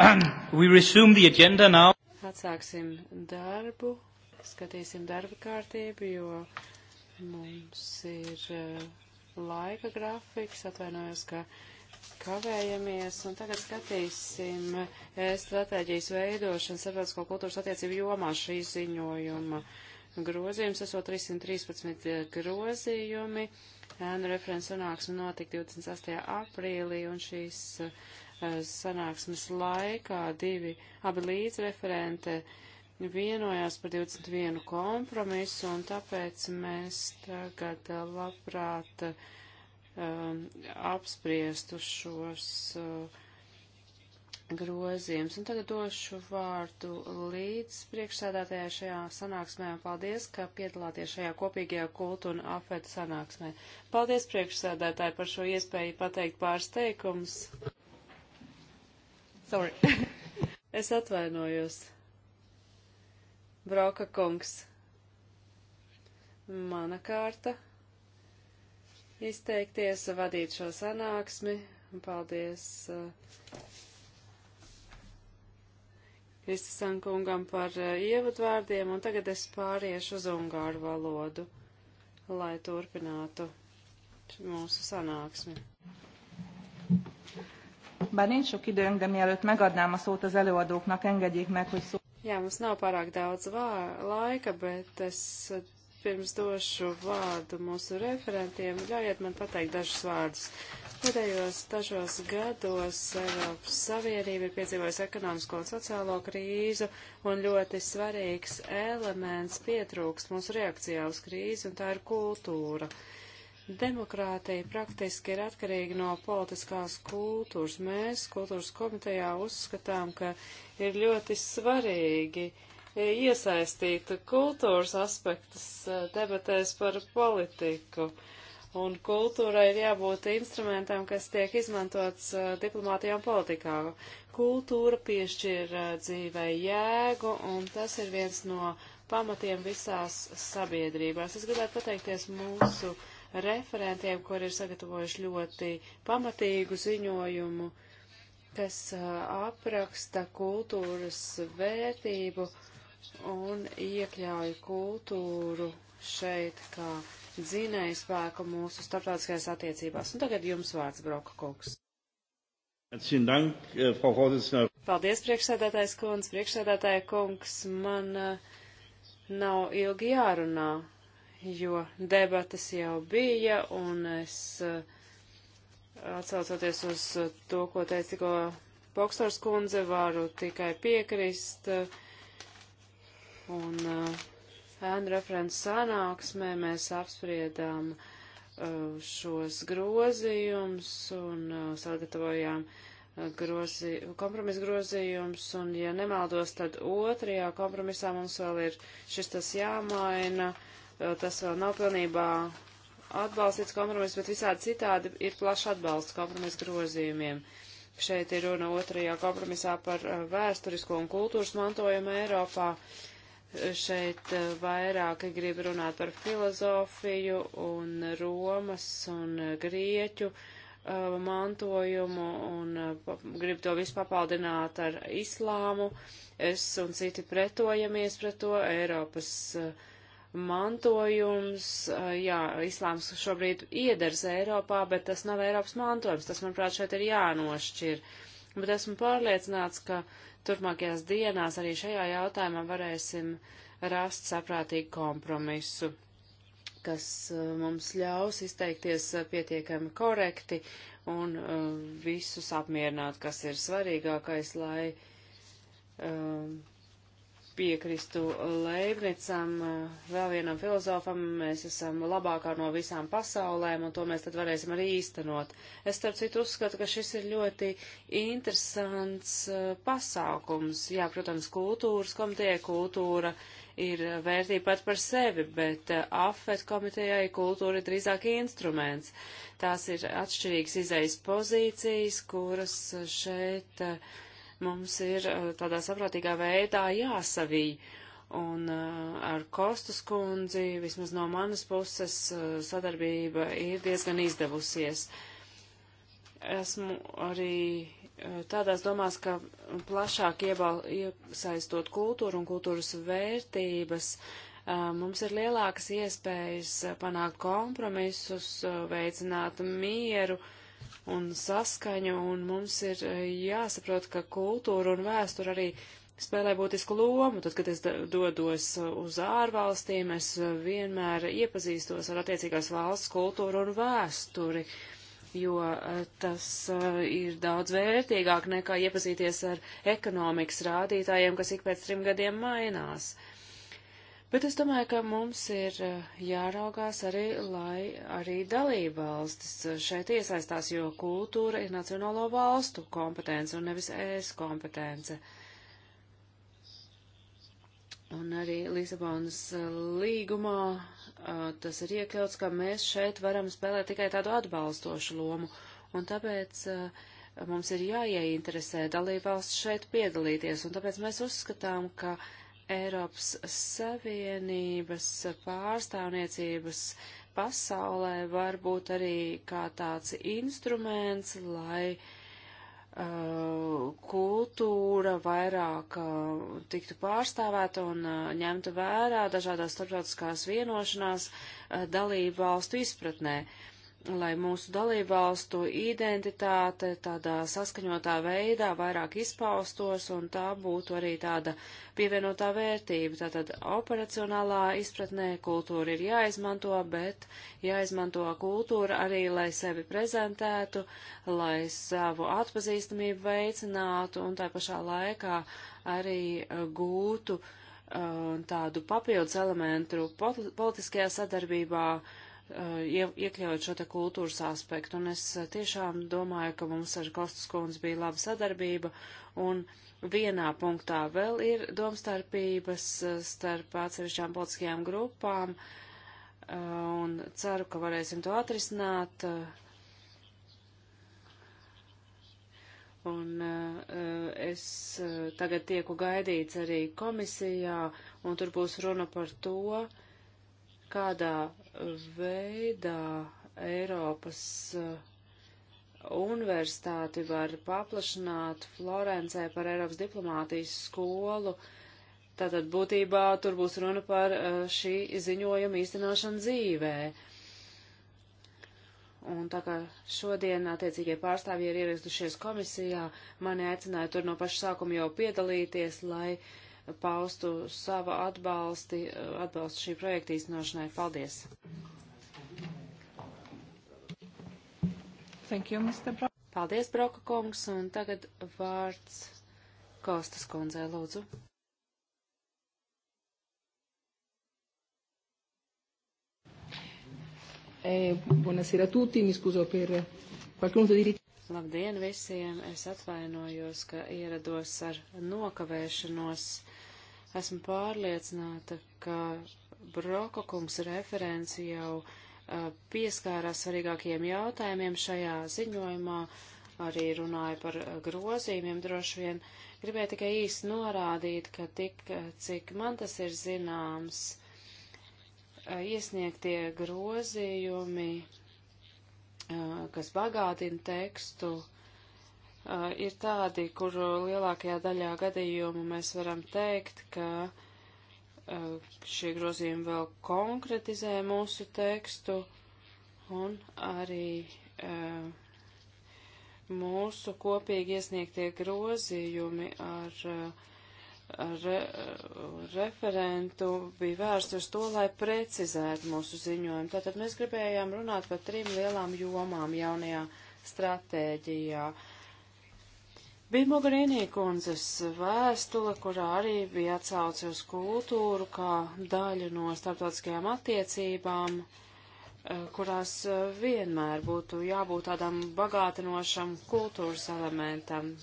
we resume the agenda now. Atsāksim darbu, skatīsim darba kārtību, jo mums ir eh, laika grafiks, atvainojos, ka kavējamies, un tagad skatīsim e-stratēģijas eh, veidošanu starptautisko kultūras attiecību jomā šī ziņojuma grozījums, esot 313 eh, grozījumi. Referents sanāksme notika 28. aprīlī, un šīs Eh, sanāksmes laikā divi abi līdzreferente vienojās par 21 kompromisu, un tāpēc mēs tagad labprāt um, apspriestu šos uh, eh, grozījums. Un tagad došu vārdu līdz priekšsēdētājai šajā sanāksmē. Paldies, ka piedalāties šajā kopīgajā kultu un afetu sanāksmē. Paldies priekšsēdētāji par šo iespēju pateikt pārsteigums. Sorry. es atvainojos. Brauka kungs. Mana kārta izteikties, vadīt šo sanāksmi. Paldies eh, Kristisan uh, kungam par uh, ievadvārdiem, un tagad es pāriešu uz ungāru valodu, lai turpinātu mūsu sanāksmi. Bár nincs sok időnk, de mielőtt megadnám a szót az előadóknak, engedjék meg, hogy szó... Jā, mums nav pārāk daudz laika, bet es pirms došu vārdu mūsu referentiem. Ļaujiet man pateikt dažus vārdus. Pēdējos dažos gados Eiropas Savienība ir piedzīvojusi ekonomisko un sociālo krīzu, un ļoti svarīgs elements pietrūkst mūsu reakcijā uz krīzi, un tā ir kultūra. Uh, Demokrātija praktiski ir atkarīga no politiskās kultūras. Mēs kultūras komitejā uzskatām, ka ir ļoti svarīgi iesaistīt kultūras aspektus eh, debatēs par politiku. Un kultūrai ir jābūt instrumentam, kas tiek izmantots eh, diplomātijā un politikā. Kultūra piešķir eh, dzīvē jēgu, un tas ir viens no pamatiem visās sabiedrībās. Es gribētu pateikties mūsu uh, referentiem, kur ir sagatavojuši ļoti pamatīgu ziņojumu, kas apraksta kultūras vērtību un iekļauj kultūru šeit kā dzinēju spēku mūsu starptautiskajās attiecībās. Un tagad jums vārds, Broka kungs. Äh, Paldies, priekšsēdētājs kundz, priekšsēdētāja kungs. Man nav ilgi jārunā jo debatas jau bija, un es eh, atsaucoties uz eh, to, ko teica tikko Bokstors kundze, varu tikai piekrist. Eh, un ēnu referents sanāksmē mēs apspriedām šos grozījumus un sagatavojām grozi, kompromisa grozījums, un, ja nemaldos, tad otrajā kompromisā mums vēl ir šis tas jāmaina, uh, tas vēl nav pilnībā atbalstīts kompromiss, bet visādi citādi ir plašs atbalsts kompromisa grozījumiem. Šeit ir runa otrajā kompromisā par eh, vēsturisko un kultūras mantojumu Eiropā. Šeit eh, vairāk grib runāt par filozofiju un Romas un Grieķu eh, mantojumu un grib to visu papaldināt ar islāmu. Es un citi pretojamies pret to. Eiropas uh, mantojums. Jā, islāms šobrīd iedars Eiropā, bet tas nav Eiropas mantojums. Tas, manuprāt, šeit ir jānošķir. Bet esmu pārliecināts, ka turpmākajās dienās arī šajā jautājumā varēsim rast saprātīgu kompromisu, kas mums ļaus izteikties pietiekami korekti un visus apmierināt, kas ir svarīgākais, lai. Um, piekristu Leibnicam, vēl vienam filozofam, mēs esam labākā no visām pasaulēm, un to mēs tad varēsim arī īstenot. Es starp citu uzskatu, ka šis ir ļoti interesants uh, pasākums. Jā, protams, kultūras komiteja, kultūra ir vērtība pat par sevi, bet uh, AFET komitejai kultūra ir drīzāk instruments. Tās ir atšķirīgas izējas pozīcijas, kuras uh, šeit uh, mums ir eh, tādā saprātīgā veidā jāsavīja. Un eh, ar Kostas kundzi, vismaz no manas puses, eh, sadarbība ir diezgan izdevusies. Esmu arī tādās domās, ka plašāk iebal, iesaistot kultūru un kultūras vērtības, mums ir lielākas iespējas panākt kompromisus, veicināt mieru, uh, un saskaņu, un mums ir e, jāsaprot, ka kultūra un vēstura arī spēlē būtisku lomu. Tad, kad es dodos uz ārvalstīm, es vienmēr iepazīstos ar attiecīgās valsts kultūru un vēsturi, jo e, tas e, ir daudz vērtīgāk nekā iepazīties ar ekonomikas rādītājiem, kas ik pēc trim gadiem mainās. Uh, Bet es domāju, ka mums ir eh, jāraugās arī, lai arī dalība valstis eh, šeit iesaistās, jo kultūra ir nacionālo valstu kompetence un nevis ES kompetence. Un arī Lisabonas eh, līgumā tas ir iekļauts, ka mēs šeit varam spēlēt tikai tādu atbalstošu lomu. Un tāpēc mums ir jāieinteresē dalība valsts šeit piedalīties. Un tāpēc mēs uzskatām, ka Eiropas Savienības pārstāvniecības pasaulē var būt arī kā tāds instruments, lai uh, kultūra vairāk uh, tiktu pārstāvēta un uh, ņemtu vērā dažādās starptautiskās vienošanās uh, dalību valstu izpratnē. Uh, lai mūsu dalībvalstu identitāte tādā saskaņotā veidā vairāk izpaustos un tā būtu arī tāda pievienotā vērtība. Tātad operacionālā izpratnē kultūra ir jāizmanto, bet jāizmanto kultūra arī, lai sevi prezentētu, lai savu atpazīstamību veicinātu un tā pašā laikā arī uh, gūtu uh, tādu papildus elementu politiskajā sadarbībā, uh, Uh, iekļaut šo te kultūras aspektu. Un es uh, tiešām domāju, ka mums ar Kostas kundzi bija laba sadarbība. Un vienā punktā vēl ir domstarpības uh, starp atsevišķām politiskajām grupām. Un ceru, ka varēsim to atrisināt. Un uh, es uh, tagad tieku gaidīts arī komisijā, un tur būs runa par to, uh, kādā veidā Eiropas uh, universitāti var paplašināt Florencē par Eiropas diplomātijas skolu. Tātad būtībā tur būs runa par uh, šī ziņojuma īstenošanu dzīvē. Un tā kā šodien attiecīgie pārstāvji ir ieradušies komisijā, mani aicināja tur no paša sākuma jau piedalīties, lai uh, paustu savu atbalsti, atbalstu šī projekta īstenošanai. Paldies! Thank you, Mr. Brock. Paldies, Broka kungs, un tagad vārds Kostas kundzei, lūdzu. Eh, buonasera a tutti, mi scuso per qualcuno di Labdien visiem! Es atvainojos, ka ierados ar nokavēšanos. Esmu pārliecināta, ka Broka kungs referents jau uh, pieskārās svarīgākiem jautājumiem šajā ziņojumā, arī runāja par uh, grozījumiem droši vien. Gribēju tikai īsti norādīt, ka tik, cik man tas ir zināms, uh, iesniegtie grozījumi Eh, kas bagātina tekstu, eh, ir tādi, kur lielākajā daļā gadījumu mēs varam teikt, ka eh, šie grozījumi vēl konkretizē mūsu tekstu un arī mūsu kopīgi iesniegtie grozījumi ar uh, re, referentu bija vērsts uz to, lai precizētu mūsu ziņojumu. Tātad mēs gribējām runāt par trim lielām jomām jaunajā stratēģijā. Bija Mogarīnī kundzes vēstule, kurā arī bija atsauce uz kultūru kā daļu no starptautiskajām attiecībām, eh, kurās eh, vienmēr būtu jābūt tādam bagātinošam kultūras elementam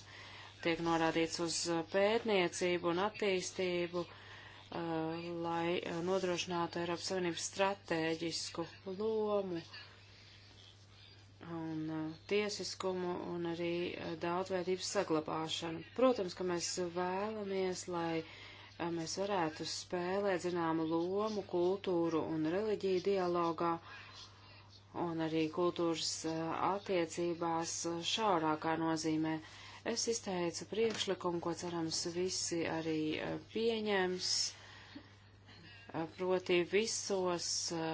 tiek norādīts uz uh, pētniecību un attīstību, uh, lai uh, nodrošinātu Eiropas Savienības stratēģisku lomu un uh, tiesiskumu un arī uh, daudzveidības saglabāšanu. Protams, ka mēs vēlamies, lai uh, mēs varētu spēlēt zināmu lomu kultūru un reliģiju dialogā un arī kultūras attiecībās šaurākā nozīmē. Uh, Es izteicu priekšlikumu, ko cerams visi arī eh, pieņems, eh, proti visos eh,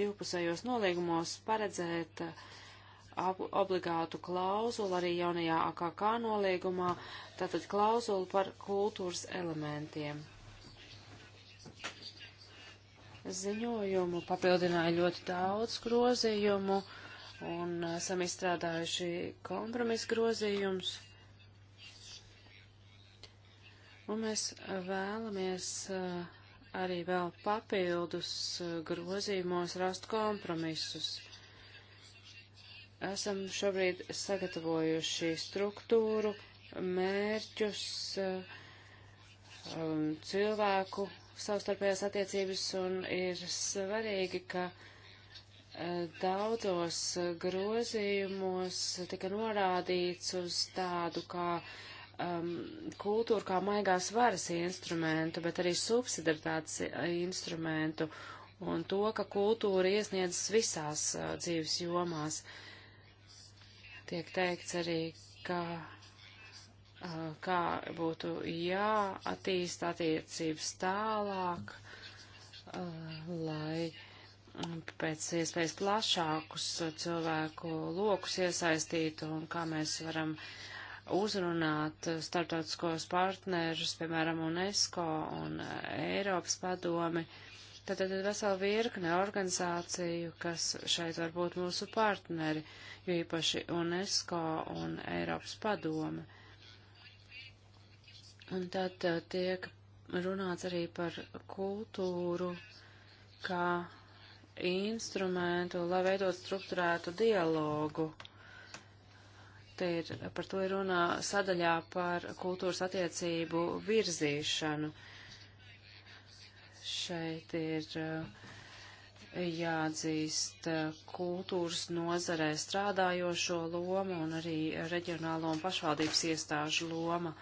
divpusējos nolīgumos paredzēt obligātu klauzulu arī jaunajā AKK nolīgumā, tātad klauzulu par kultūras elementiem. Ziņojumu papildināja ļoti daudz grozījumu. Uh, un esam izstrādājuši kompromisu grozījumus. Un mēs vēlamies uh, arī vēl papildus uh, grozījumos rast kompromisus. Esam šobrīd sagatavojuši struktūru, mērķus, uh, um, cilvēku savstarpējās attiecības un ir svarīgi, ka Daudzos eh, grozījumos tika norādīts uz tādu kā um, kultūru kā maigās varas instrumentu, bet arī subsidaritātes eh, instrumentu un to, ka kultūra iesniedzas visās uh, dzīves jomās. Tiek teikts arī, ka uh, kā būtu jāattīst attiecības tālāk, uh, lai uh, pēc iespējas plašākus cilvēku lokus iesaistītu un kā mēs varam uzrunāt startautiskos partnerus, piemēram, UNESCO un Eiropas padomi. Tad ir vesela virkne organizāciju, kas šeit var būt mūsu partneri, jo īpaši UNESCO un Eiropas padome. Un tad uh, tiek runāts arī par kultūru, kā instrumentu, lai veidot struktūrētu dialogu. Te ir, par to ir runā sadaļā par kultūras attiecību virzīšanu. Šeit ir eh, jāatzīst eh, kultūras nozarē strādājošo lomu un arī reģionālo un pašvaldības iestāžu loma.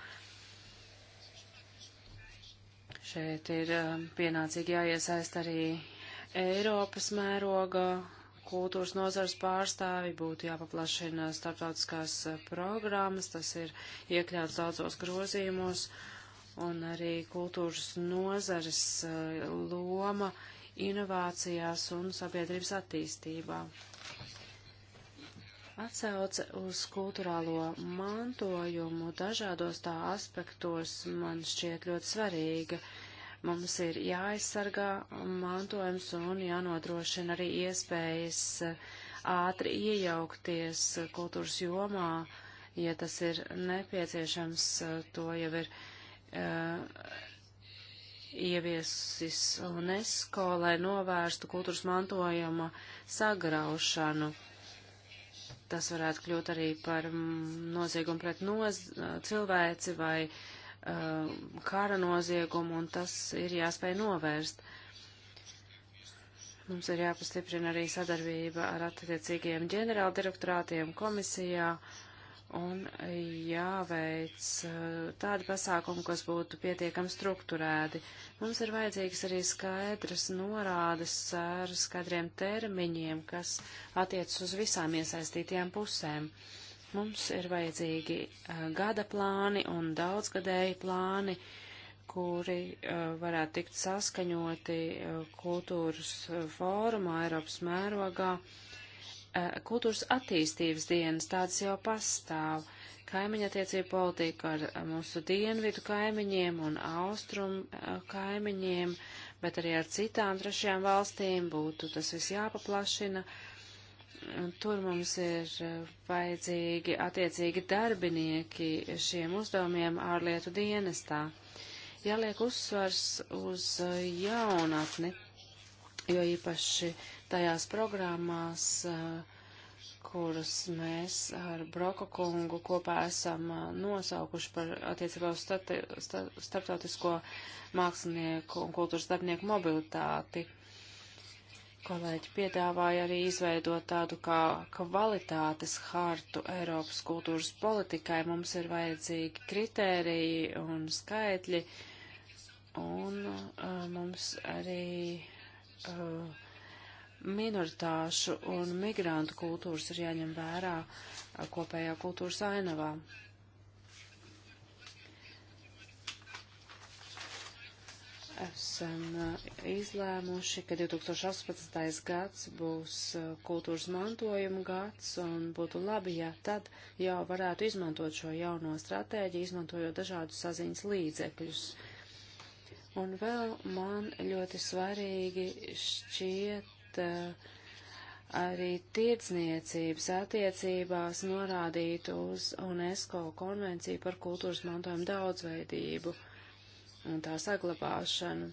Šeit ir eh, pienācīgi jāiesaist arī Eiropas mēroga kultūras nozars pārstāvi būtu jāpaplašina starptautiskās eh, programmas, tas ir iekļauts daudzos grozījumos, un arī kultūras nozares eh, loma inovācijās un sabiedrības attīstībā atsauce uz kultūrālo mantojumu dažādos tā aspektos man šķiet ļoti svarīga. Mums ir jāaizsargā mantojums un jānodrošina arī iespējas eh, ātri iejaukties kultūras jomā, ja tas ir nepieciešams, eh, to jau ir uh, ieviesis UNESCO, lai novērstu kultūras mantojuma sagraušanu tas varētu kļūt arī par mm, noziegumu pret noz cilvēci vai Um, kara noziegumu, un tas ir jāspēj novērst. Mums ir jāpastiprina arī sadarbība ar attiecīgiem ģenerāldirektorātiem komisijā un jāveic uh, tādi pasākumi, kas būtu pietiekami strukturēti. Mums ir vajadzīgs arī skaidras norādes ar skaidriem termiņiem, kas attiecas uz visām iesaistītajām pusēm. Uh, Mums ir vajadzīgi eh, gada plāni un daudzgadēji plāni, kuri eh, varētu tikt saskaņoti eh, kultūras fórumā Eiropas mērogā. Kultūras attīstības dienas tādas jau pastāv kaimiņattiecību politiku ar mūsu dienvidu kaimiņiem un austrumu kaimiņiem, bet arī ar citām trešajām valstīm būtu tas viss jāpaplašina. Uh, Tur mums ir e, vajadzīgi attiecīgi darbinieki šiem uzdevumiem ārlietu dienestā. Jāliek uzsvars uz e, jaunatni, jo īpaši tajās programmās, e, kuras mēs ar Broka kungu kopā esam nosaukuši par attiecībā uz starptautisko mākslinieku un kultūras darbinieku mobilitāti. Uh, Kolēģi piedāvāja arī izveidot tādu kā kvalitātes hartu Eiropas kultūras politikai. Mums ir vajadzīgi kritēriji un skaitļi, un uh, mums arī uh, minoritāšu un migrantu kultūras ir jāņem vērā uh, kopējā kultūras ainavā. Uh, esam uh, izlēmuši, ka 2018. gads būs uh, kultūras mantojuma gads, un būtu labi, ja tad jau varētu izmantot šo jauno stratēģiju, izmantojot dažādus saziņas līdzekļus. Un vēl man ļoti svarīgi šķiet uh, arī tirdzniecības attiecībās norādīt uz UNESCO konvenciju par kultūras mantojuma daudzveidību un tā saglabāšanu.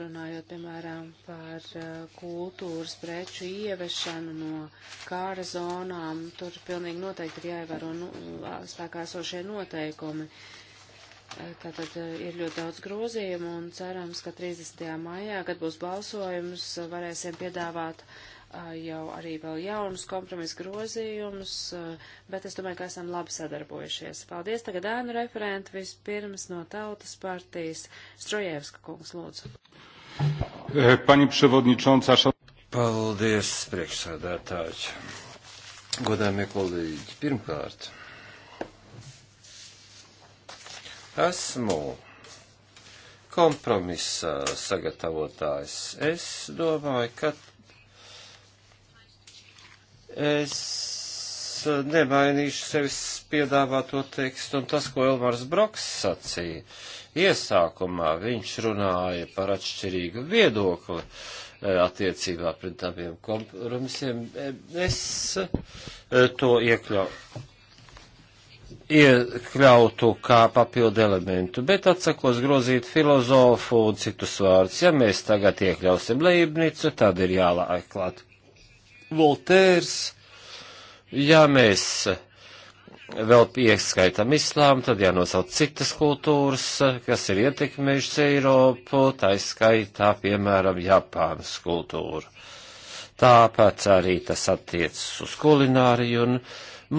Runājot, piemēram, par eh, kultūras preču ievešanu no kāra zonām, tur pilnīgi noteikti ir jāievēro nu, spēkā esošie noteikumi. Eh, tātad eh, ir ļoti daudz grozījumu un cerams, ka 30. maijā, kad būs balsojums, varēsim piedāvāt uh, jau arī vēl jaunus kompromisu grozījumus, bet es domāju, ka esam labi sadarbojušies. Paldies tagad ēnu referentu vispirms no Tautas partijas Strojevska kungs, lūdzu. E, pani Prevodničonca, šo... Paldies, priekšsādātāji. Godāmie kolēģi, pirmkārt, esmu kompromisa sagatavotājs. Es domāju, ka Es nemainīšu sevis piedāvāto tekstu, un tas, ko Elmars Broks sacīja, iesākumā viņš runāja par atšķirīgu viedokli eh, attiecībā pret abiem kompromisiem. Es eh, to iekļauju iekļautu kā papildu elementu, bet atsakos grozīt filozofu un citus vārdus. Ja mēs tagad iekļausim leibnicu, tad ir jālaiklāt Voltērs. Ja mēs vēl pieskaitam islāmu, tad jānosauc citas kultūras, kas ir ietekmējušas Eiropu, tā izskaitā, piemēram, Japānas kultūru. Tāpēc arī tas attiecas uz kulināriju, un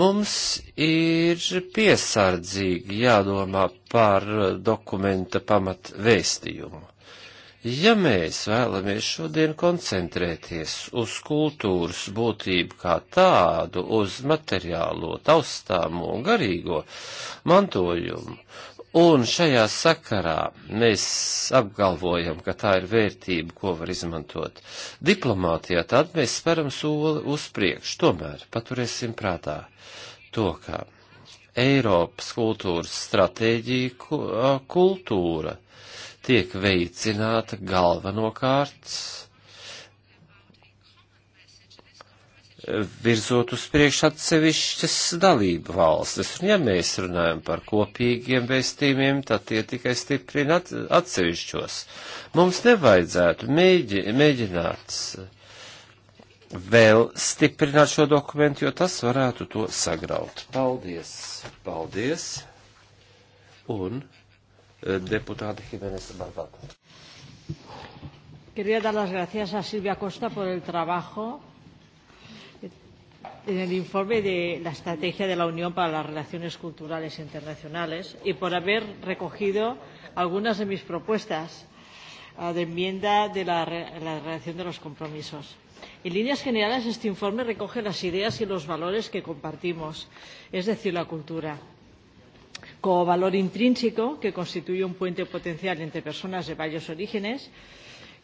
mums ir piesardzīgi jādomā par dokumenta pamatvēstījumu. Ja mēs vēlamies šodien koncentrēties uz kultūras būtību kā tādu, uz materiālo, taustāmo un garīgo mantojumu, un šajā sakarā mēs apgalvojam, ka tā ir vērtība, ko var izmantot diplomātijā, tad mēs speram soli uz priekšu. Tomēr paturēsim prātā to, ka Eiropas kultūras stratēģija kultūra tiek veicināta galvenokārt virzot uz priekšu atsevišķas dalību valstis. Un ja mēs runājam par kopīgiem vēstījumiem, tad tie tikai stiprina atsevišķos. Mums nevajadzētu mēģi, mēģināt vēl stiprināt šo dokumentu, jo tas varētu to sagraut. Paldies! Paldies! Un Eh, deputāte Jimenez Barbata. Quería dar las gracias a Silvia Costa por el trabajo en el informe de la estrategia de la Unión para las relaciones culturales internacionales y por haber recogido algunas de mis propuestas ah, de enmienda de la, la redacción de los compromisos. En líneas generales, este informe recoge las ideas y los valores que compartimos, es decir, la cultura como valor intrínseco que constituye un puente potencial entre personas de varios orígenes,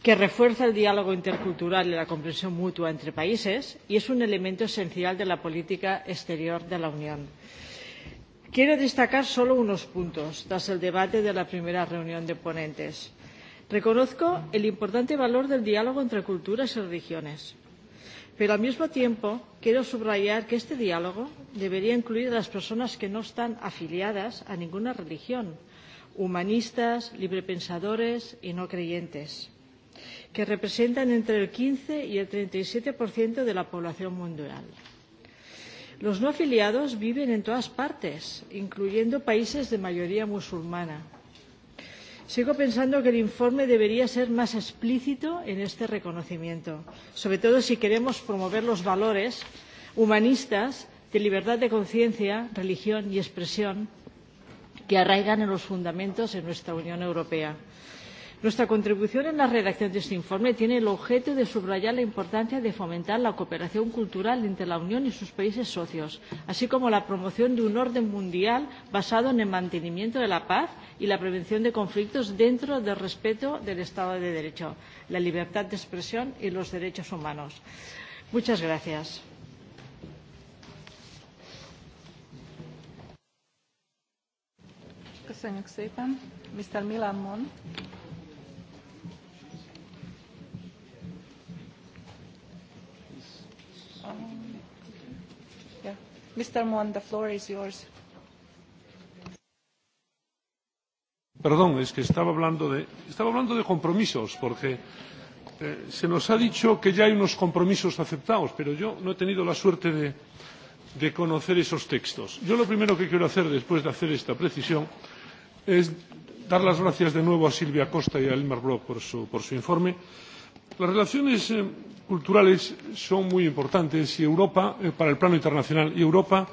que refuerza el diálogo intercultural y la comprensión mutua entre países y es un elemento esencial de la política exterior de la Unión. Quiero destacar solo unos puntos tras el debate de la primera reunión de ponentes. Reconozco el importante valor del diálogo entre culturas y religiones Pero al mismo tiempo quiero subrayar que este diálogo debería incluir a las personas que no están afiliadas a ninguna religión, humanistas, librepensadores y no creyentes, que representan entre el 15 y el 37% de la población mundial. Los no afiliados viven en todas partes, incluyendo países de mayoría musulmana, Sigo pensando que el informe debería ser más explícito en este reconocimiento, sobre todo si queremos promover los valores humanistas de libertad de conciencia, religión y expresión que arraigan en los fundamentos de nuestra Unión Europea. Nuestra contribución en la redacción de este informe tiene el objeto de subrayar la importancia de fomentar la cooperación cultural entre la Unión y sus países socios, así como la promoción de un orden mundial basado en el mantenimiento de la paz y la prevención de conflictos dentro del respeto del Estado de Derecho, la libertad de expresión y los derechos humanos. Muchas gracias. Köszönjük szépen. Mr. Milan Mon. Mr. Mon, the floor is yours. Perdón, es que estaba hablando de, estaba hablando de compromisos, porque eh, se nos ha dicho que ya hay unos compromisos aceptados, pero yo no he tenido la suerte de, de conocer esos textos. Yo lo primero que quiero hacer después de hacer esta precisión es dar las gracias de nuevo a Silvia Costa y a Elmar Brock por su, por su informe. Eh, las relaciones eh, culturales son muy importantes y Europa, eh, para el plano internacional y Europa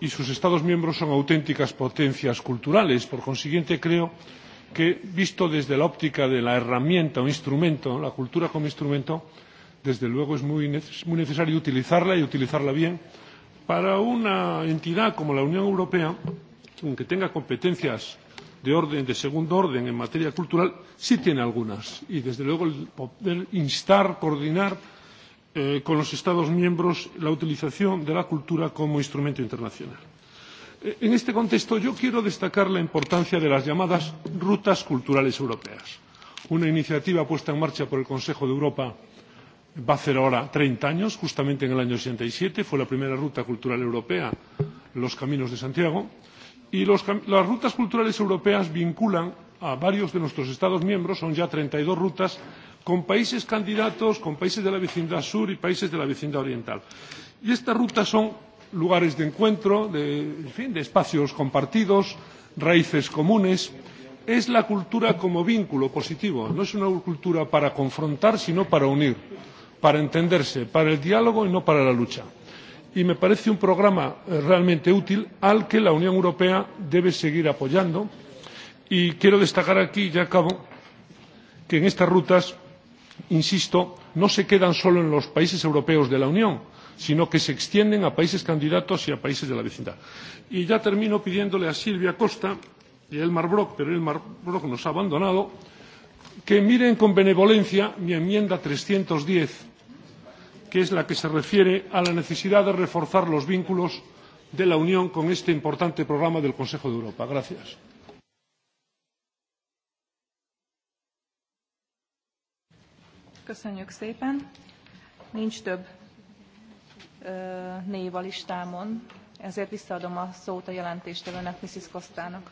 y sus Estados miembros son auténticas potencias culturales. Por consiguiente, creo que, visto desde la óptica de la herramienta o instrumento, la cultura como instrumento, desde luego es muy, neces muy necesario utilizarla y utilizarla bien para una entidad como la Unión Europea, aunque tenga competencias de orden de segundo orden en materia cultural sí tiene algunas y desde luego el poder instar coordinar eh, con los estados miembros la utilización de la cultura como instrumento internacional. Eh, en este contexto yo quiero destacar la importancia de las llamadas rutas culturales europeas, una iniciativa puesta en marcha por el Consejo de Europa va a hacer ahora 30 años, justamente en el año 67 fue la primera ruta cultural europea, los Caminos de Santiago, eh, y los, las rutas culturales europeas vinculan a varios de nuestros estados miembros son ya treinta y dos rutas con países candidatos con países de la vecindad sur y países de la vecindad oriental y estas rutas son lugares de encuentro de, en fin, de espacios compartidos raíces comunes es la cultura como vínculo positivo no es una cultura para confrontar sino para unir para entenderse para el diálogo y no para la lucha y me parece un programa eh, realmente útil al que la unión europea debe seguir apoyando y quiero destacar aquí y ya acabo que en estas rutas insisto no se quedan solo en los países europeos de la unión sino que se extienden a países candidatos y a países de la vecindad. y ya termino pidiéndole a silvia costa y a elmar brok pero elmar brok nos ha abandonado que miren con benevolencia mi enmienda trescientos diez que es la que se refiere a la necesidad de reforzar los vínculos de la unión con este importante programa del consejo de europa. Gracias. Köszönjük szépen. Nincs több név a listámon, ezért visszaadom a szót a jelentéstevőnek, Mrs. Kostának.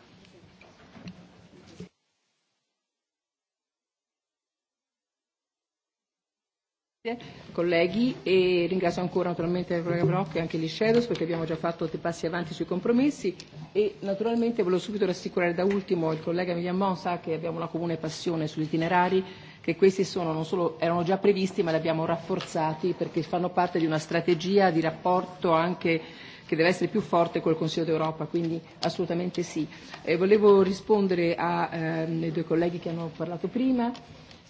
colleghi e ringrazio ancora naturalmente il collega Brock e anche gli Shadows perché abbiamo già fatto dei passi avanti sui compromessi e naturalmente volevo subito rassicurare da ultimo il collega Emilian Mon sa che abbiamo una comune passione sugli itinerari che questi sono, non solo erano già previsti ma li abbiamo rafforzati perché fanno parte di una strategia di rapporto anche che deve essere più forte col Consiglio d'Europa, quindi assolutamente sì. E volevo rispondere ehm, ai ehm, due colleghi che hanno parlato prima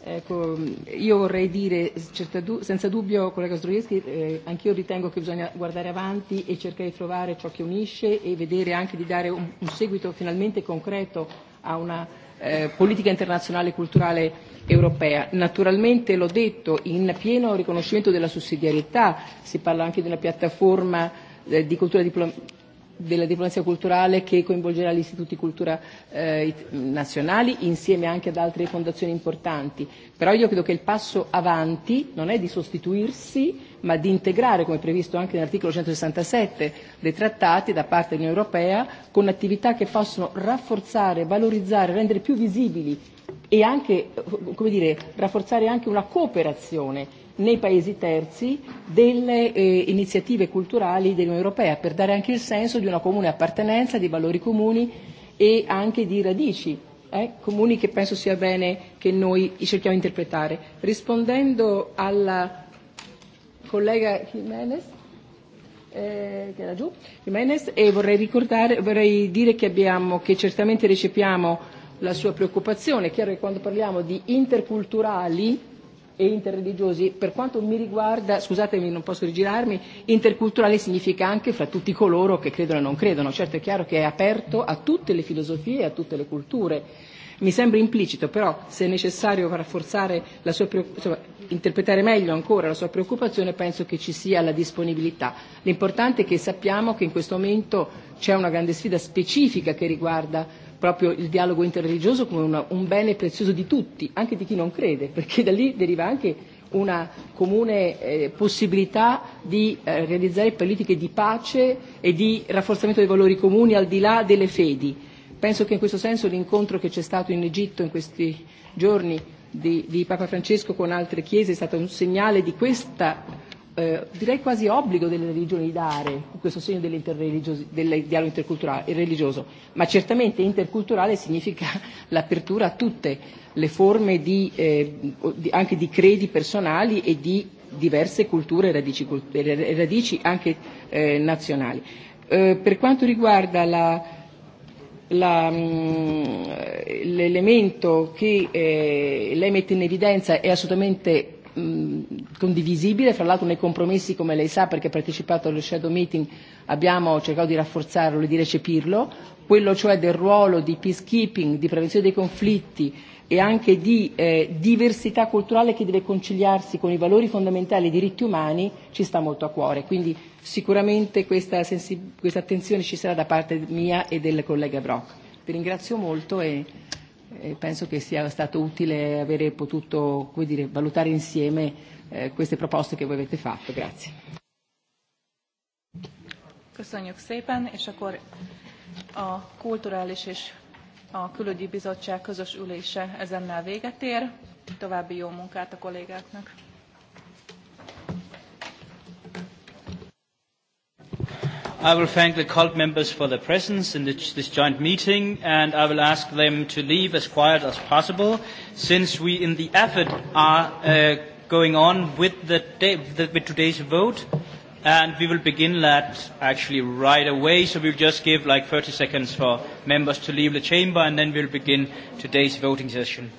Ecco, io vorrei dire, certa, senza dubbio, collega Zdroieschi, eh, anch'io ritengo che bisogna guardare avanti e cercare di trovare ciò che unisce e vedere anche di dare un, un seguito finalmente concreto a una eh, politica internazionale e culturale europea. Naturalmente, l'ho detto, in pieno riconoscimento della sussidiarietà, si parla anche di una piattaforma eh, di cultura diplom- della diplomazia culturale che coinvolgerà gli istituti di cultura eh, nazionali insieme anche ad altre fondazioni importanti. Però io credo che il passo avanti non è di sostituirsi ma di integrare, come previsto anche nell'articolo 167 dei trattati da parte dell'Unione Europea, con attività che possono rafforzare, valorizzare, rendere più visibili e anche come dire, rafforzare anche una cooperazione nei paesi terzi delle eh, iniziative culturali dell'Unione Europea per dare anche il senso di una comune appartenenza, di valori comuni e anche di radici eh, comuni che penso sia bene che noi cerchiamo di interpretare. Rispondendo alla collega Jimenez, eh, che era giù, Jimenez e vorrei, ricordare, vorrei dire che, abbiamo, che certamente recepiamo la sua preoccupazione. È chiaro che quando parliamo di interculturali e interreligiosi, per quanto mi riguarda, scusatemi non posso rigirarmi, interculturale significa anche fra tutti coloro che credono e non credono, certo è chiaro che è aperto a tutte le filosofie e a tutte le culture. Mi sembra implicito, però se è necessario rafforzare la sua, insomma, interpretare meglio ancora la sua preoccupazione, penso che ci sia la disponibilità. L'importante è che sappiamo che in questo momento c'è una grande sfida specifica che riguarda proprio il dialogo interreligioso come una, un bene prezioso di tutti, anche di chi non crede, perché da lì deriva anche una comune eh, possibilità di eh, realizzare politiche di pace e di rafforzamento dei valori comuni al di là delle fedi. Penso che in questo senso l'incontro che c'è stato in Egitto in questi giorni di, di Papa Francesco con altre chiese è stato un segnale di questa eh, direi quasi obbligo delle religioni dare questo segno del dialogo interculturale e religioso, ma certamente interculturale significa l'apertura a tutte le forme di, eh, di, anche di credi personali e di diverse culture e radici, e e radici anche eh, nazionali. Eh, per quanto riguarda la, la, mh, mm, l'elemento che eh, lei mette in evidenza è assolutamente mh, mm, condivisibile, fra l'altro nei compromessi, come lei sa, perché ha partecipato allo shadow meeting, abbiamo cercato di rafforzarlo e di recepirlo, quello cioè del ruolo di peacekeeping, di prevenzione dei conflitti e anche di eh, diversità culturale che deve conciliarsi con i valori fondamentali dei diritti umani, ci sta molto a cuore. Quindi sicuramente questa, questa attenzione ci sarà da parte mia e del collega Brock. Vi ringrazio molto e eh, penso che sia stato utile avere potuto come dire, valutare insieme eh, queste proposte che voi avete fatto. Grazie. Köszönjük szépen, és akkor a Kulturális és a Külügyi Bizottság közös ülése ezennel véget ér. További jó munkát a kollégáknak! I will thank the cult members for their presence in this, this joint meeting, and I will ask them to leave as quiet as possible, since we in the effort are uh, going on with, the day, the, with today's vote, and we will begin that actually right away, so we'll just give like 30 seconds for members to leave the chamber, and then we'll begin today's voting session.